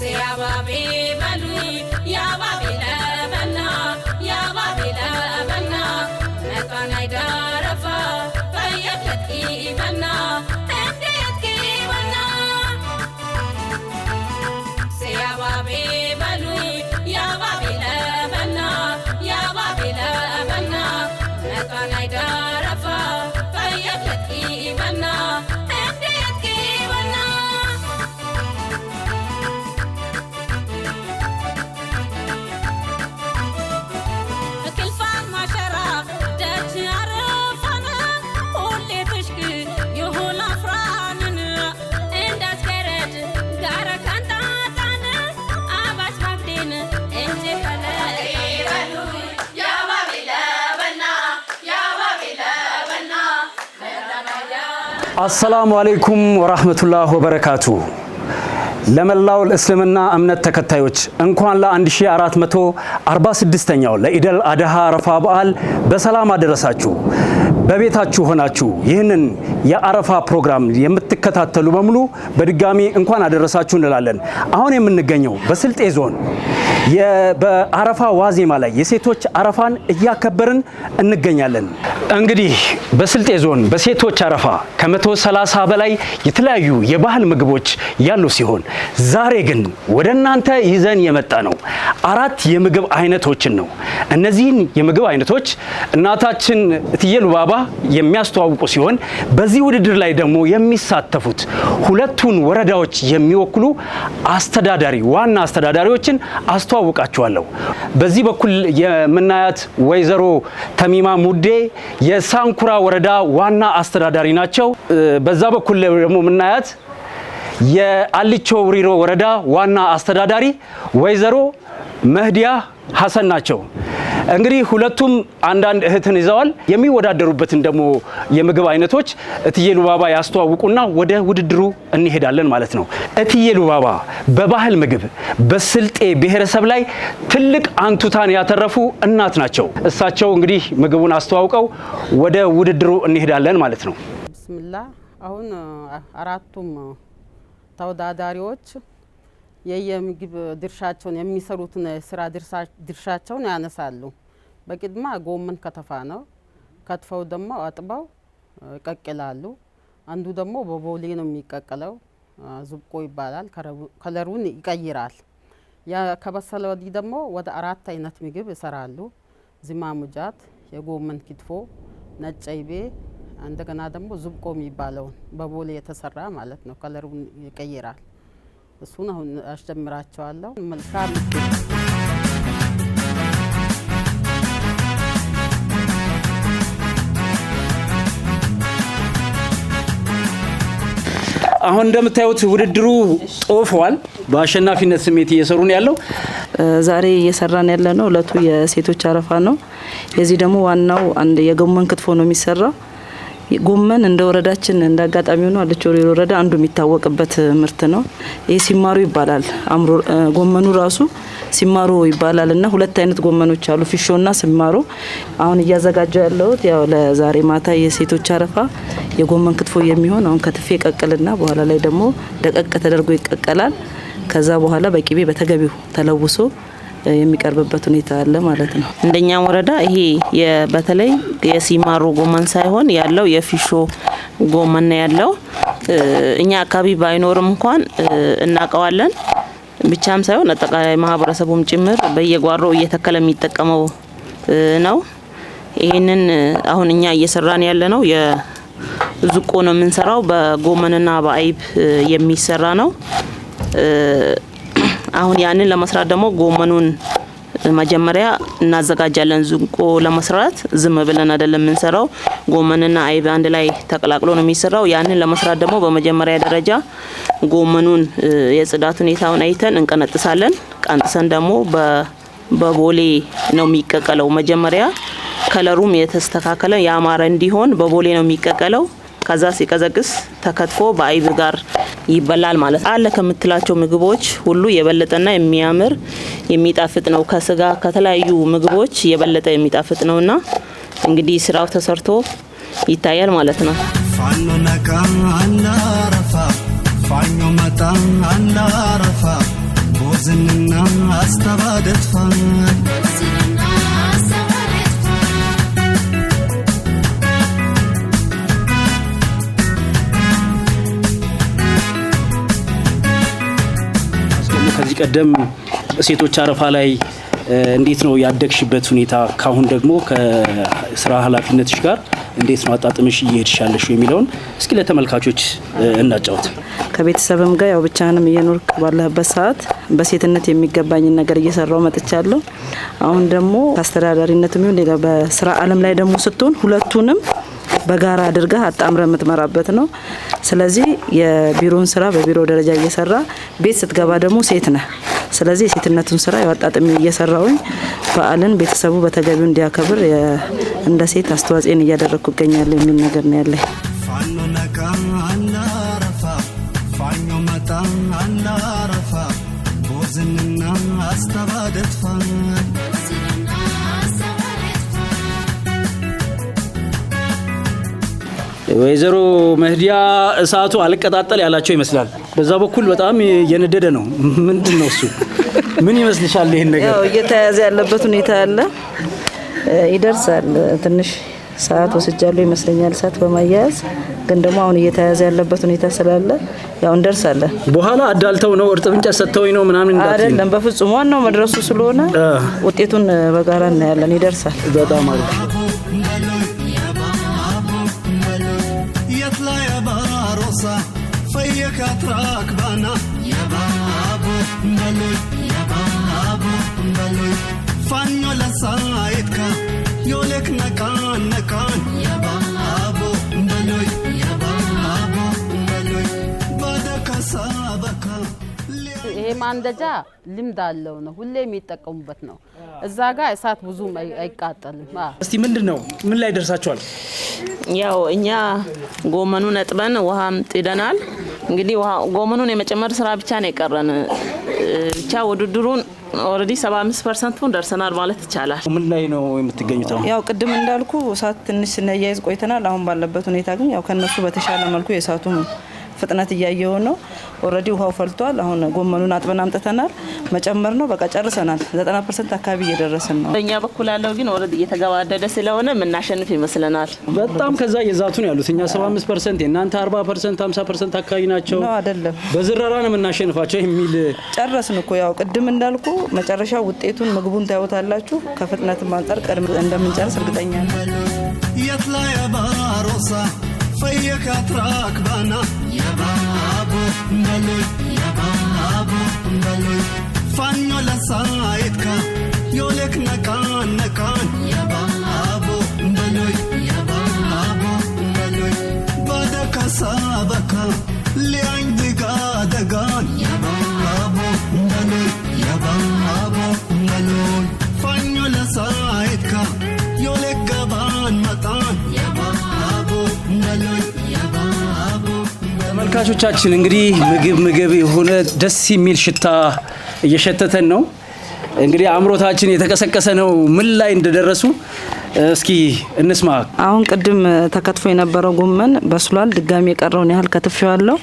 ሲያባቢ በሉ ያባቢ ለበና ያባቢ ለበና መጣናይ ደረፋ በየለት ይበና አሰላሙ አሌይኩም ወራህመቱላህ ወበረካቱ። ለመላው እስልምና እምነት ተከታዮች እንኳን ለ1446ኛው ለኢደል አድሃ አረፋ በዓል በሰላም አደረሳችሁ። በቤታችሁ ሆናችሁ ይህንን የአረፋ ፕሮግራም የምትከታተሉ በሙሉ በድጋሚ እንኳን አደረሳችሁ እንላለን። አሁን የምንገኘው በስልጤ ዞን በአረፋ ዋዜማ ላይ የሴቶች አረፋን እያከበርን እንገኛለን። እንግዲህ በስልጤ ዞን በሴቶች አረፋ ከመቶ ሰላሳ በላይ የተለያዩ የባህል ምግቦች ያሉ ሲሆን ዛሬ ግን ወደ እናንተ ይዘን የመጣ ነው አራት የምግብ አይነቶችን ነው። እነዚህን የምግብ አይነቶች እናታችን እትዬ ሉባባ የሚያስተዋውቁ ሲሆን በዚህ ውድድር ላይ ደግሞ የሚሳተፉት ሁለቱን ወረዳዎች የሚወክሉ አስተዳዳሪ ዋና አስተዳዳሪዎችን አስተዋውቃችኋለሁ። በዚህ በኩል የምናያት ወይዘሮ ተሚማ ሙዴ የሳንኩራ ወረዳ ዋና አስተዳዳሪ ናቸው። በዛ በኩል ደግሞ የምናያት የአልቾ ውሪሮ ወረዳ ዋና አስተዳዳሪ ወይዘሮ መህዲያ ሀሰን ናቸው። እንግዲህ ሁለቱም አንዳንድ እህትን ይዘዋል። የሚወዳደሩበትን ደግሞ የምግብ አይነቶች እትዬ ሉባባ ያስተዋውቁና ወደ ውድድሩ እንሄዳለን ማለት ነው። እትዬ ሉባባ በባህል ምግብ በስልጤ ብሔረሰብ ላይ ትልቅ አንቱታን ያተረፉ እናት ናቸው። እሳቸው እንግዲህ ምግቡን አስተዋውቀው ወደ ውድድሩ እንሄዳለን ማለት ነው። ብስምላ አሁን አራቱም ተወዳዳሪዎች የየምግብ ድርሻቸውን የሚሰሩትን ስራ ድርሻቸውን ያነሳሉ። በቅድማ ጎመን ከተፋ ነው። ከትፈው ደግሞ አጥበው ይቀቅላሉ። አንዱ ደግሞ በቦሌ ነው የሚቀቅለው፣ ዙብቆ ይባላል። ከለሩን ይቀይራል። ከበሰለ ወዲህ ደግሞ ወደ አራት አይነት ምግብ ይሰራሉ። ዝማሙጃት፣ የጎመን ክትፎ፣ ነጭ አይቤ፣ እንደገና ደግሞ ዙብቆ የሚባለውን በቦሌ የተሰራ ማለት ነው። ከለሩን ይቀይራል። እሱን አሁን አስጀምራቸዋለሁ። መልካም አሁን እንደምታዩት ውድድሩ ጦፏል። በአሸናፊነት ስሜት እየሰሩ ነው ያለው። ዛሬ እየሰራን ያለ ነው እለቱ የሴቶች አረፋ ነው። የዚህ ደግሞ ዋናው አንድ የጎመን ክትፎ ነው የሚሰራ ጎመን እንደ ወረዳችን እንደ አጋጣሚ ሆኖ አለች ወሬ ወረዳ አንዱ የሚታወቅበት ምርት ነው። ይሄ ሲማሩ ይባላል። አምሮ ጎመኑ ራሱ ሲማሩ ይባላል እና ሁለት አይነት ጎመኖች አሉ፣ እና ሲማሩ። አሁን እያዘጋጀው ያለሁት ያው ለዛሬ ማታ የሴቶች አረፋ የጎመን ክትፎ የሚሆን አሁን ከትፌ ቀቅልና በኋላ ላይ ደግሞ ደቀቅ ተደርጎ ይቀቀላል። ከዛ በኋላ በቂቤ በተገቢው ተለውሶ የሚቀርብበት ሁኔታ አለ ማለት ነው። እንደኛም ወረዳ ይሄ በተለይ የሲማሮ ጎመን ሳይሆን ያለው የፊሾ ጎመን ነው ያለው። እኛ አካባቢ ባይኖርም እንኳን እናውቀዋለን ብቻም ሳይሆን አጠቃላይ ማህበረሰቡም ጭምር በየጓሮ እየተከለ የሚጠቀመው ነው። ይህንን አሁን እኛ እየሰራን ያለ ነው የዙቆ ነው የምንሰራው። በጎመንና በአይብ የሚሰራ ነው። አሁን ያንን ለመስራት ደግሞ ጎመኑን መጀመሪያ እናዘጋጃለን። ዝንቆ ለመስራት ዝም ብለን አይደለም የምንሰራው። ጎመንና አይብ አንድ ላይ ተቀላቅሎ ነው የሚሰራው። ያንን ለመስራት ደግሞ በመጀመሪያ ደረጃ ጎመኑን የጽዳት ሁኔታውን አይተን እንቀነጥሳለን። ቀንጥሰን ደግሞ በቦሌ ነው የሚቀቀለው። መጀመሪያ ከለሩም የተስተካከለ ያማረ እንዲሆን በቦሌ ነው የሚቀቀለው። ከዛ ሲቀዘቅስ ተከትፎ በአይብ ጋር ይበላል ማለት ነው። አለ ከምትላቸው ምግቦች ሁሉ የበለጠና የሚያምር የሚጣፍጥ ነው። ከስጋ ከተለያዩ ምግቦች የበለጠ የሚጣፍጥ ነውና እንግዲህ ስራው ተሰርቶ ይታያል ማለት ነው። ፋኞ ቀደም ሴቶች አረፋ ላይ እንዴት ነው ያደግሽበት ሁኔታ ካሁን ደግሞ ከስራ ኃላፊነትሽ ጋር እንዴት ነው አጣጥምሽ እየሄድሽ የሚለውን እስኪ ለተመልካቾች እናጫውት። ከቤተሰብም ጋር ያው ብቻንም እየኖርክ ባለህበት ሰዓት በሴትነት የሚገባኝን ነገር እየሰራው መጥቻለሁ። አሁን ደግሞ አስተዳዳሪነትም ይሁን ሌላ በስራ አለም ላይ ደግሞ ስትሆን ሁለቱንም በጋራ አድርገህ አጣምረ የምትመራበት ነው። ስለዚህ የቢሮን ስራ በቢሮ ደረጃ እየሰራ ቤት ስትገባ ደግሞ ሴት ነህ። ስለዚህ የሴትነቱን ስራ ያዋጣጥሚ እየሰራውኝ በዓልን ቤተሰቡ በተገቢው እንዲያከብር እንደ ሴት አስተዋጽኦን እያደረግኩ እገኛለሁ የሚል ነገር ነው ያለኝ። ወይዘሮ መህዲያ እሳቱ አልቀጣጠል ያላቸው ይመስላል። በዛ በኩል በጣም እየነደደ ነው። ምንድን ነው እሱ? ምን ይመስልሻል? ይህን ነገር እየተያዘ ያለበት ሁኔታ አለ። ይደርሳል። ትንሽ ሰዓት ወስጃለሁ ይመስለኛል፣ እሳት በማያያዝ ግን ደግሞ አሁን እየተያዘ ያለበት ሁኔታ ስላለ ያው እንደርሳለን። በኋላ አዳልተው ነው እርጥብ እንጨት ሰጥተውኝ ነው ምናምን አይደለም፣ በፍጹም ዋናው መድረሱ ስለሆነ ውጤቱን በጋራ እናያለን። ይደርሳል። በጣም አሪፍ katraakbana yabaabo mbaloi yabaabo mbaloi faanyola saayitka yoolek nakaan nakaan yabaabo mbaloi yabaabo mbaloi baada kasaabaka ይሄ ማንደጃ ልምድ አለው ነው፣ ሁሌ የሚጠቀሙበት ነው። እዛ ጋር እሳት ብዙም አይቃጠልም። እስቲ ምንድን ነው ምን ላይ ደርሳችኋል? ያው እኛ ጎመኑ ነጥበን ውሃም ጥደናል። እንግዲህ ጎመኑን የመጨመር ስራ ብቻ ነው የቀረን። ብቻ ውድድሩን ኦልሬዲ 75 ፐርሰንቱን ደርሰናል ማለት ይቻላል። ምን ላይ ነው የምትገኙት? ያው ቅድም እንዳልኩ እሳት ትንሽ ስናያይዝ ቆይተናል። አሁን ባለበት ሁኔታ ግን ያው ከነሱ በተሻለ መልኩ የእሳቱ ፍጥነት እያየው ነው። ኦልሬዲ ውሃው ፈልቷል። አሁን ጎመኑን አጥበን አምጥተናል። መጨመር ነው በቃ ጨርሰናል። 90 ፐርሰንት አካባቢ እየደረስን ነው። በእኛ በኩል ያለው ግን ኦልሬዲ እየተገባደደ ስለሆነ የምናሸንፍ ይመስለናል። በጣም ከዛ እየዛቱ ነው ያሉት። እኛ 75 ፐርሰንት፣ የእናንተ 40 ፐርሰንት፣ 50 ፐርሰንት አካባቢ ናቸው። አይደለም በዝረራ ነው የምናሸንፋቸው የሚል ጨረስን እኮ ያው ቅድም እንዳልኩ መጨረሻ ውጤቱን ምግቡን ታዩታላችሁ። ከፍጥነትም አንጻር ቀድም እንደምንጨርስ እርግጠኛ ነው። صيك أتراك بنا يا بابا ملك ተመልካቾቻችን እንግዲህ ምግብ ምግብ የሆነ ደስ የሚል ሽታ እየሸተተን ነው። እንግዲህ አእምሮታችን የተቀሰቀሰ ነው። ምን ላይ እንደደረሱ እስኪ እንስማ። አሁን ቅድም ተከትፎ የነበረው ጎመን በስሏል። ድጋሚ የቀረውን ያህል ከትፌዋለሁ።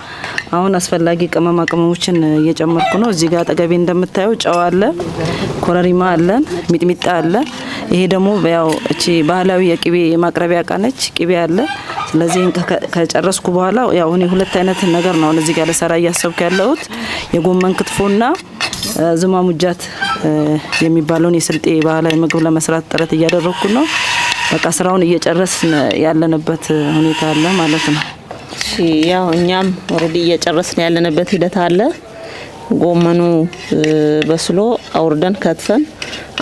አሁን አስፈላጊ ቅመማ ቅመሞችን እየጨመርኩ ነው። እዚህ ጋር አጠገቤ እንደምታየው ጨው አለ፣ ኮረሪማ አለን፣ ሚጥሚጣ አለ። ይሄ ደግሞ ያው እቺ ባህላዊ የቅቤ የማቅረቢያ እቃ ነች። ቅቤ አለ። ስለዚህ ከጨረስኩ በኋላ ያው እኔ ሁለት አይነት ነገር ነው እዚህ ጋር ለሰራ እያሰብኩ ያለሁት የጎመን ክትፎና ዝማሙጃት የሚባለውን የስልጤ ባህላዊ ምግብ ለመስራት ጥረት እያደረግኩ ነው። በቃ ስራውን እየጨረስ ያለንበት ሁኔታ አለ ማለት ነው። እሺ ያው እኛም ኦልሬዲ እየጨረስን ያለንበት ሂደት አለ። ጎመኑ በስሎ አውርደን ከትፈን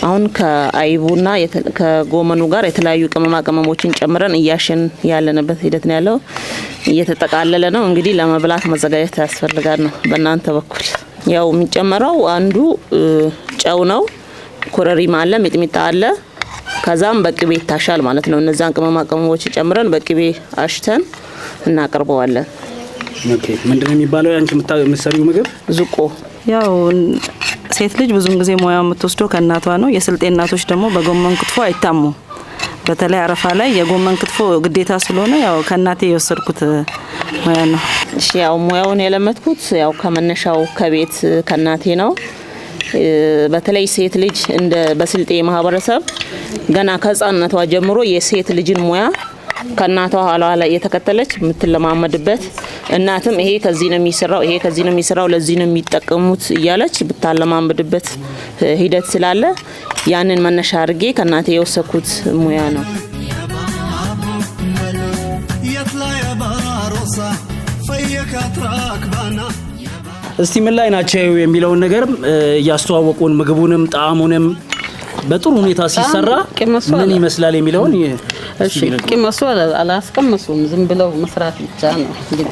አሁን ከአይቡና ከጎመኑ ጋር የተለያዩ ቅመማ ቅመሞችን ጨምረን እያሸን ያለንበት ሂደት ነው ያለው። እየተጠቃለለ ነው እንግዲህ ለመብላት መዘጋጀት ያስፈልጋል ነው። በእናንተ በኩል ያው የሚጨመረው አንዱ ጨው ነው፣ ኮረሪማ አለ፣ ሚጥሚጣ አለ። ከዛም በቅቤ ይታሻል ማለት ነው። እነዛን ቅመማ ቅመሞች ጨምረን በቅቤ አሽተን እናቀርበዋለን። ምንድን ነው የሚባለው አንቺ የምትሰሪው ምግብ? ዝቆ ያው ሴት ልጅ ብዙን ጊዜ ሙያ የምትወስደው ከእናቷ ነው። የስልጤ እናቶች ደግሞ በጎመን ክትፎ አይታሙም። በተለይ አረፋ ላይ የጎመን ክትፎ ግዴታ ስለሆነ ያው ከእናቴ የወሰድኩት ሙያ ነው። እሺ ያው ሙያውን የለመድኩት ያው ከመነሻው ከቤት ከእናቴ ነው። በተለይ ሴት ልጅ እንደ በስልጤ ማህበረሰብ ገና ከህፃንነቷ ጀምሮ የሴት ልጅን ሙያ ከእናቷ ኋላ ኋላ እየተከተለች የምትለማመድበት እናትም ይሄ ከዚህ ነው የሚሰራው፣ ይሄ ከዚህ ነው የሚሰራው፣ ለዚህ ነው የሚጠቀሙት እያለች ብታለማመድበት ሂደት ስላለ ያንን መነሻ አድርጌ ከእናቴ የወሰኩት ሙያ ነው። እስቲ ምን ላይ ናቸው የሚለውን ነገር እያስተዋወቁን ምግቡንም ጣዕሙንም በጥሩ ሁኔታ ሲሰራ ምን ይመስላል የሚለውን እሺ ቅመሱ አላስቀመሱም። ዝም ብለው መስራት ብቻ ነው እንግዲህ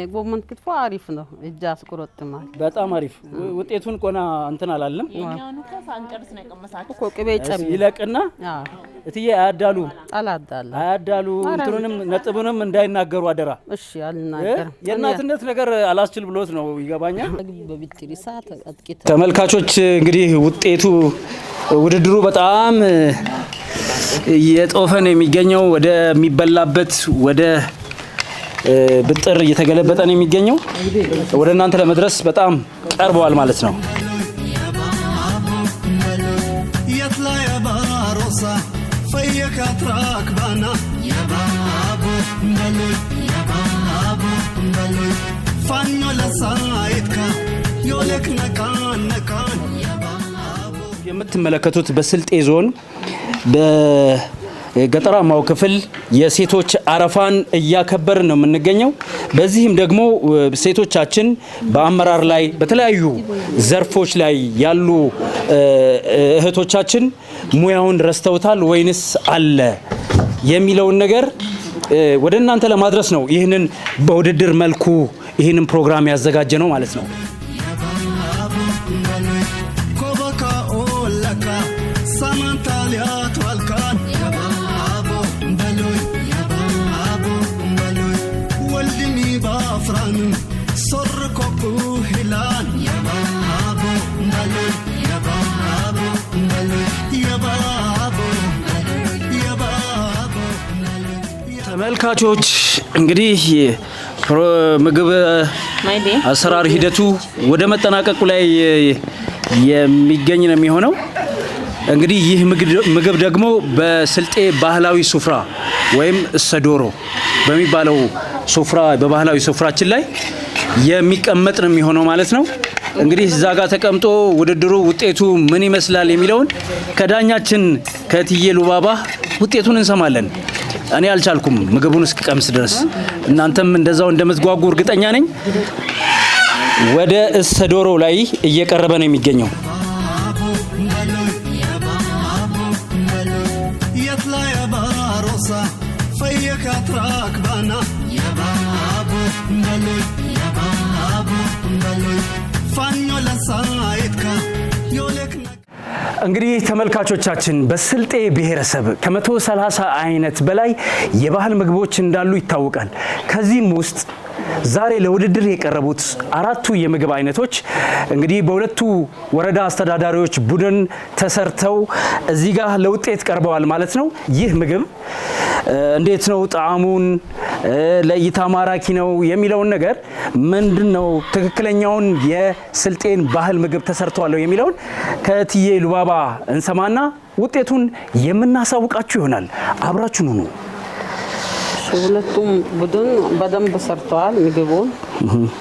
የጎመን ክትፎ አሪፍ ነው። እጅ አስቆረጥማል። በጣም አሪፍ ውጤቱን ቆና እንትን አላለም እኮ ይለቅና እትዬ አያዳሉ አላዳሉ አያዳሉ እንትኑንም ነጥቡንም እንዳይናገሩ አደራ። እሺ አልናገር የእናትነት ነገር አላስችል ብሎት ነው ይገባኛል። ተመልካቾች እንግዲህ ውጤቱ ውድድሩ በጣም የጦፈን የሚገኘው ወደሚበላበት ወደ ብጥር እየተገለበጠ ነው የሚገኘው። ወደ እናንተ ለመድረስ በጣም ቀርበዋል ማለት ነው። የምትመለከቱት በስልጤ ዞን ገጠራማው ክፍል የሴቶች አረፋን እያከበር ነው የምንገኘው። በዚህም ደግሞ ሴቶቻችን በአመራር ላይ በተለያዩ ዘርፎች ላይ ያሉ እህቶቻችን ሙያውን ረስተውታል ወይንስ አለ የሚለውን ነገር ወደ እናንተ ለማድረስ ነው ይህንን በውድድር መልኩ ይህንን ፕሮግራም ያዘጋጀ ነው ማለት ነው። ተመልካቾች እንግዲህ ምግብ አሰራር ሂደቱ ወደ መጠናቀቁ ላይ የሚገኝ ነው የሚሆነው። እንግዲህ ይህ ምግብ ደግሞ በስልጤ ባህላዊ ሱፍራ ወይም እሰዶሮ በሚባለው ሱፍራ በባህላዊ ሱፍራችን ላይ የሚቀመጥ ነው የሚሆነው ማለት ነው። እንግዲህ እዛ ጋር ተቀምጦ ውድድሩ ውጤቱ ምን ይመስላል የሚለውን ከዳኛችን ከትዬ ሉባባ ውጤቱን እንሰማለን። እኔ አልቻልኩም ምግቡን እስክቀምስ ድረስ። እናንተም እንደዛው እንደምትጓጉ እርግጠኛ ነኝ። ወደ እሰ ዶሮ ላይ እየቀረበ ነው የሚገኘው። እንግዲህ ተመልካቾቻችን በስልጤ ብሔረሰብ ከመቶ ሰላሳ አይነት በላይ የባህል ምግቦች እንዳሉ ይታወቃል። ከዚህም ውስጥ ዛሬ ለውድድር የቀረቡት አራቱ የምግብ አይነቶች እንግዲህ በሁለቱ ወረዳ አስተዳዳሪዎች ቡድን ተሰርተው እዚህ ጋር ለውጤት ቀርበዋል ማለት ነው። ይህ ምግብ እንዴት ነው ጣዕሙን ለእይታ ማራኪ ነው የሚለውን ነገር ምንድን ነው ትክክለኛውን የስልጤን ባህል ምግብ ተሰርተዋለሁ የሚለውን ከትዬ ሉባባ እንሰማና ውጤቱን የምናሳውቃችሁ ይሆናል። አብራችሁን ሁኑ። ሁለቱም ቡድን በደንብ ሰርተዋል። ምግቡን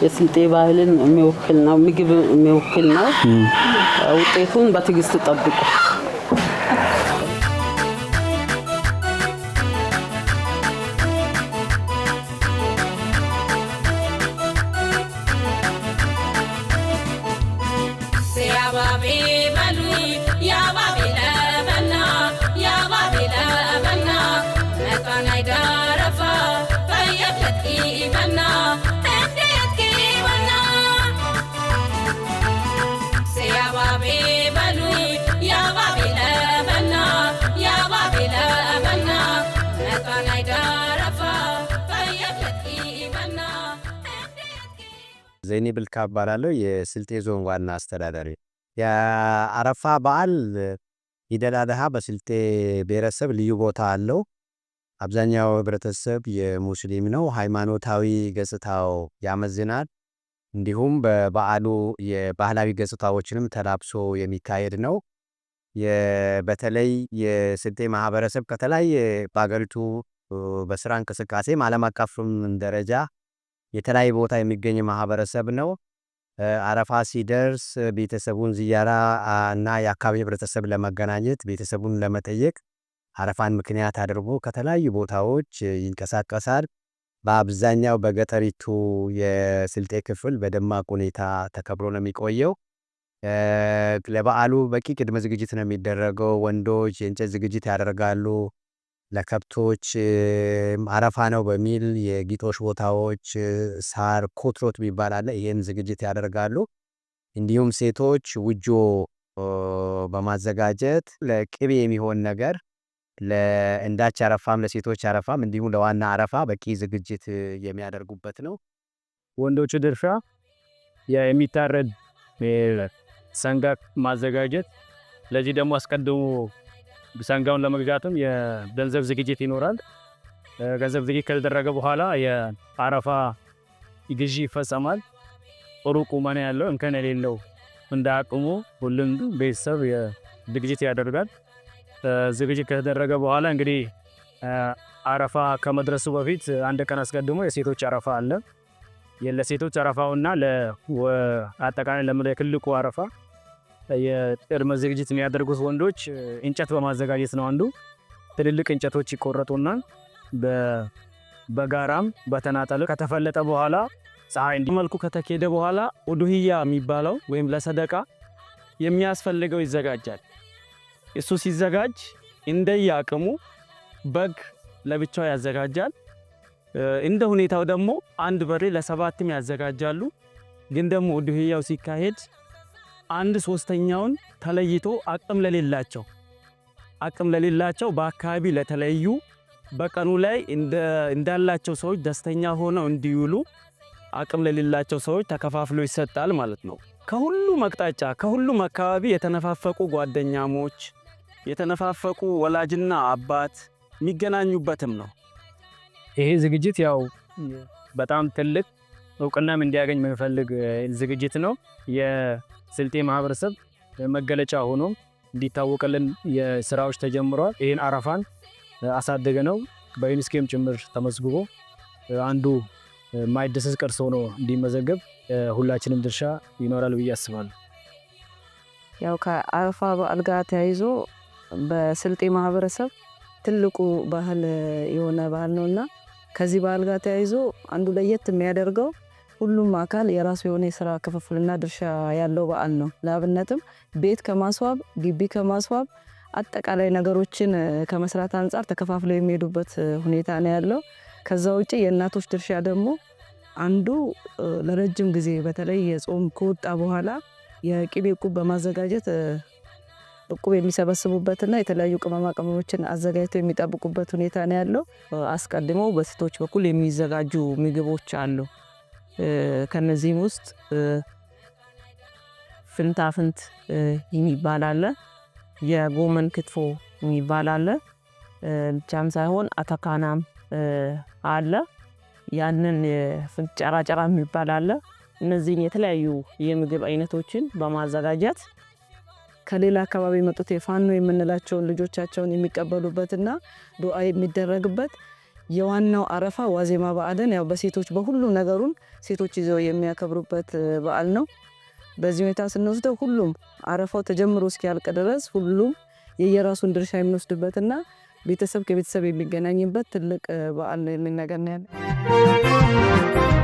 የስልጤ ባህልን የሚወክል ነው፣ ምግብ የሚወክል ነው። ውጤቱን በትዕግስት ጠብቁ። ዘይኔ ብልካ እባላለሁ። የስልጤ ዞን ዋና አስተዳዳሪ። የአረፋ በዓል ኢደል አድሃ በስልጤ ብሔረሰብ ልዩ ቦታ አለው። አብዛኛው ህብረተሰብ የሙስሊም ነው። ሃይማኖታዊ ገጽታው ያመዝናል። እንዲሁም በበዓሉ የባህላዊ ገጽታዎችንም ተላብሶ የሚካሄድ ነው። በተለይ የስልጤ ማህበረሰብ ከተለያየ በሀገሪቱ በስራ እንቅስቃሴም ዓለም አቀፍም ደረጃ የተለያየ ቦታ የሚገኝ ማህበረሰብ ነው። አረፋ ሲደርስ ቤተሰቡን ዝያራ እና የአካባቢ ህብረተሰብ ለመገናኘት ቤተሰቡን ለመጠየቅ አረፋን ምክንያት አድርጎ ከተለያዩ ቦታዎች ይንቀሳቀሳል። በአብዛኛው በገጠሪቱ የስልጤ ክፍል በደማቅ ሁኔታ ተከብሮ ነው የሚቆየው። ለበዓሉ በቂ ቅድመ ዝግጅት ነው የሚደረገው። ወንዶች የእንጨት ዝግጅት ያደርጋሉ። ለከብቶች አረፋ ነው በሚል የግጦሽ ቦታዎች ሳር ኮትሮት የሚባል አለ። ይህን ዝግጅት ያደርጋሉ። እንዲሁም ሴቶች ውጆ በማዘጋጀት ለቅቤ የሚሆን ነገር ለእንዳች አረፋም ለሴቶች አረፋም እንዲሁም ለዋና አረፋ በቂ ዝግጅት የሚያደርጉበት ነው። ወንዶቹ ድርሻ የሚታረድ ሰንጋክ ማዘጋጀት ለዚህ ደግሞ አስቀድሞ ሰንጋውን ለመግዛትም የገንዘብ ዝግጅት ይኖራል። ገንዘብ ዝግጅት ከተደረገ በኋላ የአረፋ ግዢ ይፈጸማል። ጥሩ ቁመና ያለው እንከን የሌለው እንዳቅሙ ሁሉም ቤተሰብ ዝግጅት ያደርጋል። ዝግጅት ከተደረገ በኋላ እንግዲህ አረፋ ከመድረሱ በፊት አንድ ቀን አስቀድሞ የሴቶች አረፋ አለ። ለሴቶች አረፋውና አጠቃላይ ለክልቁ አረፋ የቅድመ ዝግጅት የሚያደርጉት ወንዶች እንጨት በማዘጋጀት ነው። አንዱ ትልልቅ እንጨቶች ይቆረጡና በጋራም በተናጠል ከተፈለጠ በኋላ ፀሐይ እንዲ መልኩ ከተኬደ በኋላ ኡዱህያ የሚባለው ወይም ለሰደቃ የሚያስፈልገው ይዘጋጃል። እሱ ሲዘጋጅ እንደየ አቅሙ በግ ለብቻው ያዘጋጃል። እንደ ሁኔታው ደግሞ አንድ በሬ ለሰባትም ያዘጋጃሉ። ግን ደግሞ ኡዱህያው ሲካሄድ አንድ ሶስተኛውን ተለይቶ አቅም ለሌላቸው አቅም ለሌላቸው በአካባቢ ለተለዩ በቀኑ ላይ እንዳላቸው ሰዎች ደስተኛ ሆነው እንዲውሉ አቅም ለሌላቸው ሰዎች ተከፋፍሎ ይሰጣል ማለት ነው። ከሁሉም አቅጣጫ ከሁሉም አካባቢ የተነፋፈቁ ጓደኛሞች፣ የተነፋፈቁ ወላጅና አባት የሚገናኙበትም ነው። ይሄ ዝግጅት ያው በጣም ትልቅ እውቅናም እንዲያገኝ የምንፈልግ ዝግጅት ነው። ስልጤ ማህበረሰብ መገለጫ ሆኖ እንዲታወቅልን ስራዎች ተጀምረዋል። ይህን አረፋን አሳደገ ነው። በዩኒስኬም ጭምር ተመዝግቦ አንዱ ማይደሰስ ቅርስ ሆኖ እንዲመዘገብ ሁላችንም ድርሻ ይኖራል ብዬ አስባለሁ። ያው ከአረፋ በዓል ጋር ተያይዞ በስልጤ ማህበረሰብ ትልቁ ባህል የሆነ ባህል ነው እና ከዚህ ባህል ጋር ተያይዞ አንዱ ለየት የሚያደርገው ሁሉም አካል የራሱ የሆነ የስራ ክፍፍልና ድርሻ ያለው በዓል ነው። ለአብነትም ቤት ከማስዋብ ግቢ ከማስዋብ አጠቃላይ ነገሮችን ከመስራት አንጻር ተከፋፍለው የሚሄዱበት ሁኔታ ነው ያለው። ከዛ ውጭ የእናቶች ድርሻ ደግሞ አንዱ ለረጅም ጊዜ በተለይ የጾም ከወጣ በኋላ የቅቤ እቁብ በማዘጋጀት እቁብ የሚሰበስቡበትና የተለያዩ ቅመማ ቅመሞችን አዘጋጅተው የሚጠብቁበት ሁኔታ ነው ያለው። አስቀድመው በሴቶች በኩል የሚዘጋጁ ምግቦች አሉ። ከነዚህም ውስጥ ፍንታፍንት የሚባል አለ፣ የጎመን ክትፎ የሚባል አለ። ብቻም ሳይሆን አተካናም አለ። ያንን ጨራጨራ የሚባል አለ። እነዚህን የተለያዩ የምግብ አይነቶችን በማዘጋጀት ከሌላ አካባቢ የመጡት የፋኖ የምንላቸውን ልጆቻቸውን የሚቀበሉበትና ዱአ የሚደረግበት የዋናው አረፋ ዋዜማ በዓልን ያው በሴቶች በሁሉ ነገሩን ሴቶች ይዘው የሚያከብሩበት በዓል ነው። በዚህ ሁኔታ ስንወስደው ሁሉም አረፋው ተጀምሮ እስኪያልቅ ድረስ ሁሉም የየራሱን ድርሻ የሚወስድበትና ቤተሰብ ከቤተሰብ የሚገናኝበት ትልቅ በዓል ነው ነው ያለ